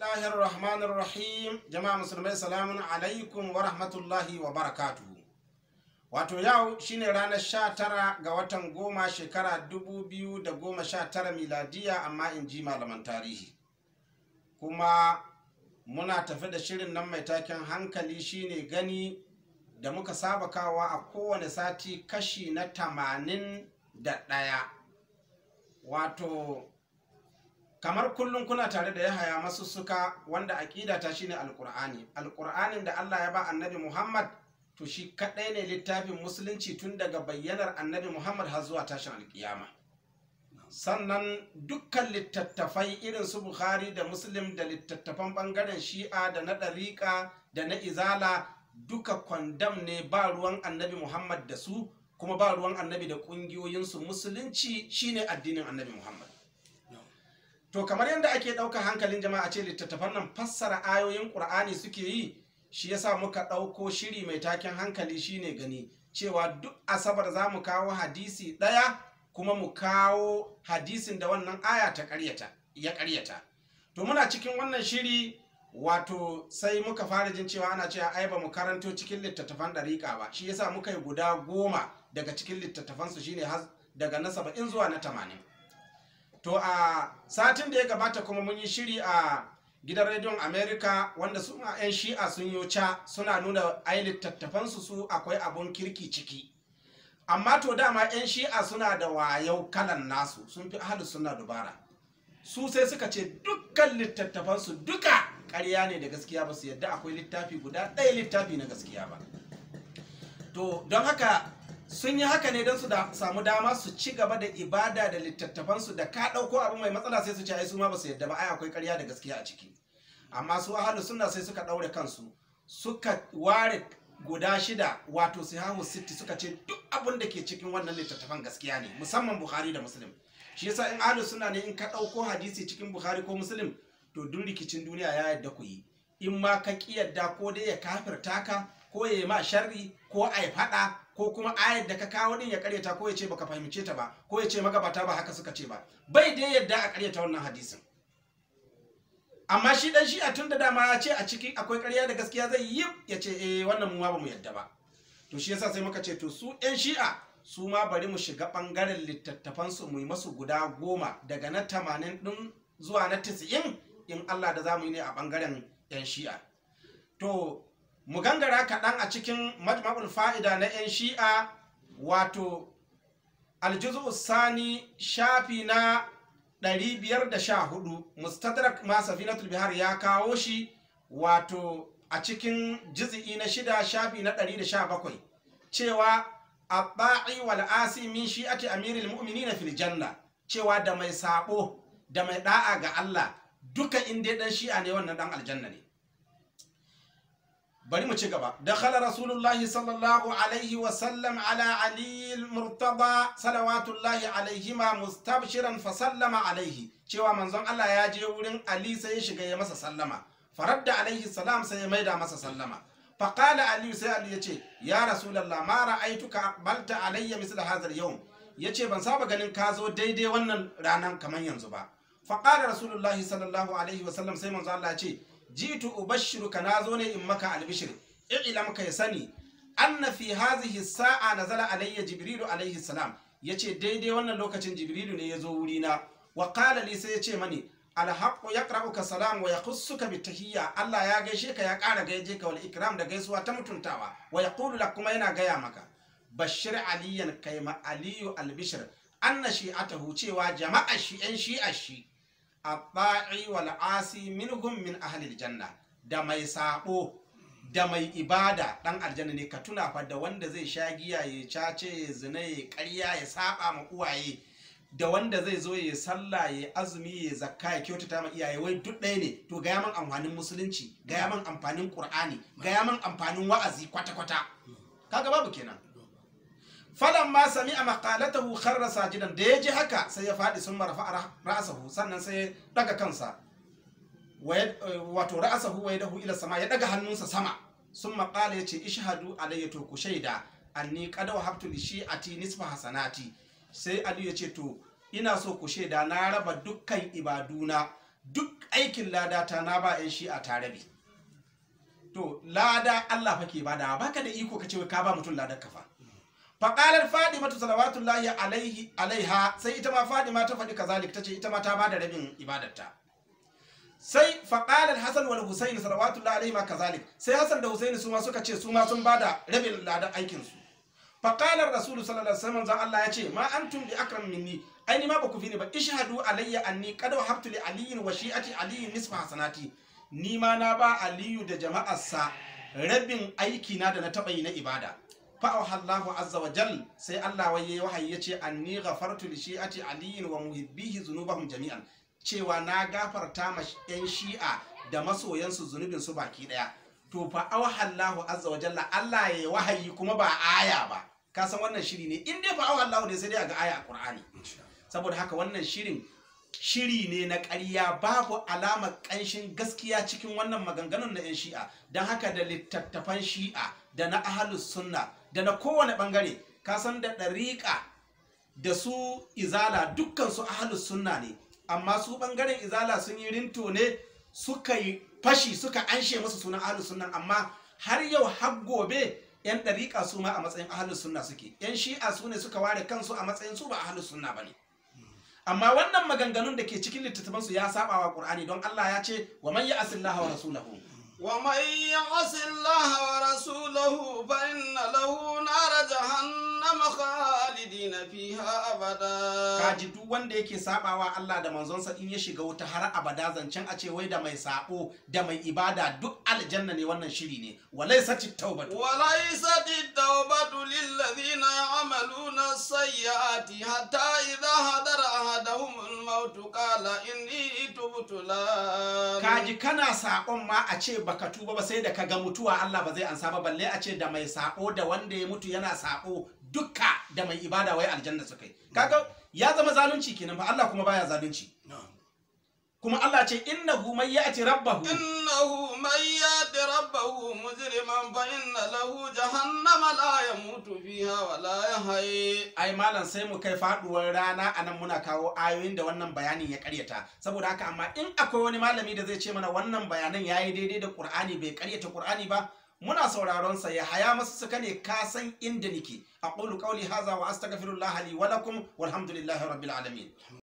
Allahir Rahmanir Rahim jama'a musulmai salamun alaikum wa rahmatullahi wa barakatuhu wato yau shine ranar 19 ga watan goma shekara 2019 miladiya amma in ji malaman tarihi kuma muna tafi da shirin nan mai taken hankali shine gani da muka saba kawa a kowane sati kashi na 81 wato kamar kullum kuna tare da yahaya masussuka wanda aƙida ta shine alƙur'ani alƙur'anin da Allah ya ba annabi Muhammad to shi kaɗai ne littafin musulunci tun daga bayyanar annabi Muhammad har zuwa tashin alƙiyama sannan dukkan littattafai irin su Bukhari da Muslim da littattafan ɓangaren Shi'a da na ɗariƙa da na Izala duka kwandam ne ba ruwan annabi Muhammad da su kuma ba ruwan annabi da ƙungiyoyinsu musulunci shine addinin annabi Muhammad to kamar yadda ake ɗaukar hankalin jama'a ce littattafan nan fassara ayoyin ƙur'ani suke yi shi yasa muka ɗauko shiri mai taken hankali shine gani cewa duk asabar za mu kawo hadisi ɗaya kuma mu kawo hadisin da wannan aya ta ƙaryata ya karyata, to muna cikin wannan shiri wato sai muka fara jin cewa ana cewa ai ba mu karanto cikin littattafan ɗariƙa ba shi yasa muka yi guda goma daga cikin littattafansu shine daga na saba'in zuwa na tamanin to a satin da ya gabata kuma mun yi shiri a gidan rediyon Amerika, wanda su ma 'yan shi'a sun yi wuce suna nuna ai littattafansu su akwai abun kirki ciki amma to dama 'yan shi'a suna da wayau kalan nasu sun fi ahalu suna dubara su sai suka ce dukkan littattafansu duka ƙarya ne da gaskiya ba su yadda akwai littafi guda ɗaya littafi na gaskiya ba to don haka sun yi haka ne don su samu dama su ci gaba da ibada da littattafansu da ka ɗauko abu mai matsala sai su ce ai su ma ba su yadda ba ai akwai ƙarya da gaskiya a ciki amma su ahalu suna sai suka ɗaure kansu suka ware guda shida wato su sitti suka ce duk abin da ke cikin wannan littattafan gaskiya ne musamman buhari da muslim shi yasa in ahalu suna ne in ka ɗauko hadisi cikin buhari ko muslim to duk rikicin duniya ya yadda ku yi in ma ka ƙi yadda ko dai ya kafirta ka ko ya yi ma sharri ko a yi faɗa ko kuma ayar da ka kawo din ya karyata ko ya ce baka fahimce ta ba ko ya ce magabata ba haka suka ce ba bai dai yadda a karyata wannan hadisin amma shi dan shi a tunda dama ya ce a ciki akwai karya da gaskiya zai yi ya ce eh wannan mu ma bamu yadda ba to shi yasa sai muka ce to su yan shi'a su ma bari mu shiga bangaren littattafan su mu yi masu guda goma daga na tamanin din zuwa na 90 in Allah da zamu yi ne a bangaren yan shi'a to mu gangara kaɗan a cikin majma'ul fa'ida na 'yan shi'a wato aljuzu sani shafi na 514 mustadrak ma safinatul bihar ya kawo shi wato a cikin jizi'i na shida shafi na 117 cewa abba'i wal asi min shi'ati amirin mu'minina na filjanna cewa da mai sabo da mai da'a ga Allah duka inda dan shi'a ne wannan dan aljanna ne bari mu ci gaba khala rasulullahi sallallahu alaihi wa sallam ala ali murtada salawatullahi ma mustabshiran fa sallama alaihi cewa manzon Allah ya je wurin ali sai ya shiga ya masa sallama faradda alaihi salam sai ya maida masa sallama fa qala ali sai ali yace ya rasulullah ma ra'aituka balta alayya misla hadha yawm yace ban saba ganin ka zo daidai wannan ranan kamar yanzu ba fa qala rasulullahi sallallahu alaihi wa sallam sai manzon Allah ya ce jitu ubashiruka na zo ne in maka albishir i'lam ya sani anna fi hazihi sa'a nazala alayya jibrilu alayhi salam yace daidai wannan lokacin jibrilu ne ya zo wuri na wa qala li sai yace mani alhaqqu yaqra'uka salam wa yakhussuka tahiya Allah ya gaishe ka ya ƙara gaishe ka Wani ikram da gaisuwa ta mutuntawa wa yaqulu lak kuma yana gaya maka bashir aliyan kai ma aliyu albishir anna shi'atahu cewa jama'a shi yan shi'a shi abba'i wal asi minhum min ahli janna da mai sabo da mai ibada dan aljanna ne ka tuna fa da wanda zai sha giya ya cace ya zina ya karya ya saba ma uwaye da wanda zai zo ya sallah ya azumi ya zakka ya kyautata ma iyaye wai duk ɗaya ne to ga man amfanin musulunci ga man amfanin qur'ani gaya man amfanin wa'azi kwata kwata kaga babu kenan falan ma sami a makalatahu rasa sajidan da ya ji haka sai ya faɗi sun marafa ra'asahu sannan sai ya daga kansa eh, wato ra'asahu wai yadahu ila sama ya daga hannunsa sama sun maƙala ya ce Alayyato, alayya to ku shaida anni qad wahabtu li shi'ati nisfa hasanati sai ali ya ce to ina so ku shaida na raba dukkan ibaduna duk aikin ladata na ba yan shi'a ta rabe to lada Allah fa ke bada baka da iko ka ce ka ba mutum ladar kafa faƙalar mata salawatullahi alaihi alaiha sai ita ma ta faɗi kazalik ta ce ita ma ta ba da rabin ibadarta sai faƙalar hasan wal husaini salawatullahi alaihi ma kazalik sai hasan da husaini su ma suka ce su ma sun ba da rabin ladan aikinsu faƙalar rasulu sallallahu alaihi wasallam Allah ya ce ma tun bi akram minni ai ma ba ku fi ni ba ishhadu alayya anni qad wahabtu li aliyin wa shi'ati aliyin nisfa hasanati ni ma na ba aliyu da jama'arsa rabin aiki na da na taɓa yi na ibada fa'auha Allahu azza wa jal sai Allah waye wahayi yace anni ghafartu li shi'ati aliyin wa muhibbihi zunubahum jami'an cewa na gafarta ma yan shi'a da masoyansu zunubin su baki ɗaya. to fa auha Allahu azza wa jalla Allah yayi wahayi kuma ba aya ba ka san wannan shiri ne in dai fa auha ne sai dai ga aya a Qur'ani saboda haka wannan shirin shiri ne na ƙarya babu alamar ƙanshin gaskiya cikin wannan maganganun na 'yan shi'a don haka da littattafan shi'a da na ahalus sunna da na kowane bangare ka san da ɗariƙa da su izala dukkansu su sunna ne amma su bangaren izala sun yi rinto ne suka yi fashi suka anshe musu sunan ahlus sunna amma har yau har gobe yan ɗariƙa su ma a matsayin ahlus sunna suke yan shi'a su ne suka ware kansu a matsayin su ba ahlus sunna bane amma wannan maganganun da ke cikin littattafansu ya saba wa qur'ani don Allah ya ce wa man ya'sil wa rasulahu ومن يعص الله ورسوله فإن له نار جهنم jahannama khalidina fiha abada kaji duk wanda yake sabawa Allah da manzonsa in ya shiga wuta har abada zancen a ce wai da mai sabo da mai ibada duk aljanna ne wannan shiri ne walaysa tawbatu walaysa tawbatu lil ladina ya'maluna sayyiati hatta idha hadara ahadahum al maut qala inni tubtu la kaji kana sakon ma a ce baka tuba ba sai da ka ga mutuwa Allah ba zai ansa ba balle a ce da mai sabo da wanda ya mutu yana sabo dukka da mai ibada wai aljanna suka yi kaga ya zama zalunci kenan ba Allah kuma baya zalunci kuma Allah ce innahu man ya'ti rabbahu innahu man ya'ti rabbahu mujriman fa inna lahu jahannama la yamutu fiha wa la yahyi ai malam sai mu kai faduwar rana anan muna kawo ayoyin da wannan bayanin ya karyata saboda haka amma in akwai wani malami da zai ce mana wannan bayanan yayi daidai da Qur'ani bai karyata Qur'ani ba muna sauraron sa ya haya masu suka ne kasan san inda nake aqulu qawli haza wa astaghfirullah li wa lakum walhamdulillahi rabbil alamin